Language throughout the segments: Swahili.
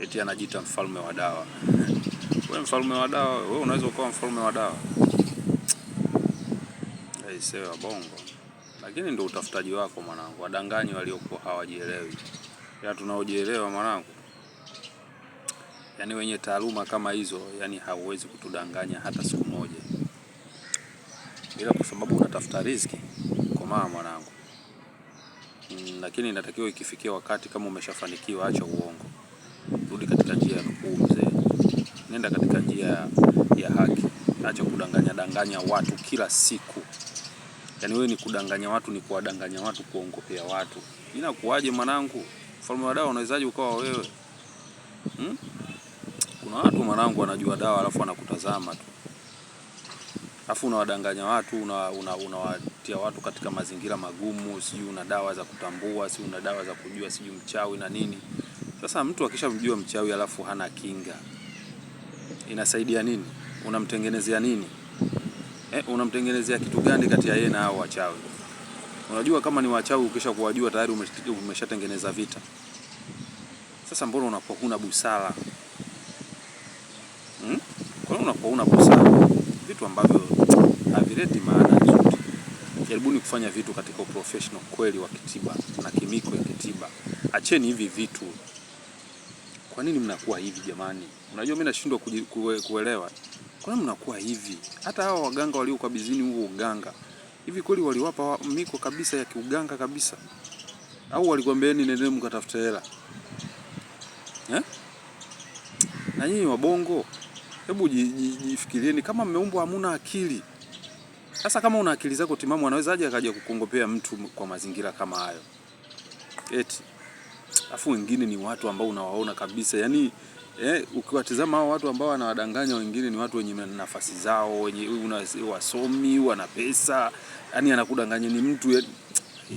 eti anajiita mfalme wa dawa. Wewe mfalme wa dawa? Wewe unaweza ukawa mfalme wa dawa? Aisewa bongo, lakini ndio utafutaji wako mwanangu. Wadanganyi waliokuwa hawajielewi, ya tunaojielewa mwanangu, yaani wenye taaluma kama hizo, yani hauwezi kutudanganya hata siku moja, ila kwa sababu unatafuta riziki, komaa mwanangu. Mm, lakini inatakiwa ikifikia wakati, kama umeshafanikiwa, acha uongo rudi katika njia ya nukuu, mzee, nenda katika njia ya haki, acha kudanganya danganya watu kila siku. Yaani wewe ni kudanganya watu, ni kuwadanganya watu, kuongopea watu, inakuwaje mwanangu? Mfalme wa dawa unawezaje ukawa wewe hmm? Kuna watu mwanangu wanajua dawa alafu wanakutazama tu alafu unawadanganya watu unawatia una, una watu katika mazingira magumu, sijui una dawa za kutambua, sijui una dawa za kujua, sijui mchawi na nini. Sasa mtu akishamjua mchawi alafu hana kinga, inasaidia nini? Unamtengenezea nini? Eh, unamtengenezea kitu gani kati ya yeye na hao wachawi? Unajua kama ni wachawi, ukisha kuwajua tayari umeshatengeneza vita. Sasa mbona unakuwa huna busara hmm? Kwa nini unakuwa huna busara? Vitu ambavyo havileti maana nzuri. Jaribuni kufanya vitu katika professional kweli wa kitiba na kimiko ya kitiba. Acheni hivi vitu kwa nini mnakuwa hivi jamani? Unajua mimi nashindwa kuelewa kwa nini mnakuwa hivi. Hata hao waganga waliokabizini huo uganga, hivi kweli waliwapa miko kabisa ya kiuganga kabisa, au walikwambieni nendeni mkatafute hela eh? Na nyinyi wabongo, hebu jifikirieni kama mmeumbwa hamuna akili. Sasa kama una akili zako timamu, anawezaje akaja kukongopea mtu kwa mazingira kama hayo eti Alafu wengine ni watu ambao unawaona kabisa yani eh, ukiwatizama hao watu ambao wanawadanganya wengine ni watu wenye nafasi zao, wenye wasomi, wana pesa, yani anakudanganya ni mtu yani,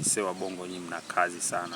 sewa bongo, nyinyi mna kazi sana.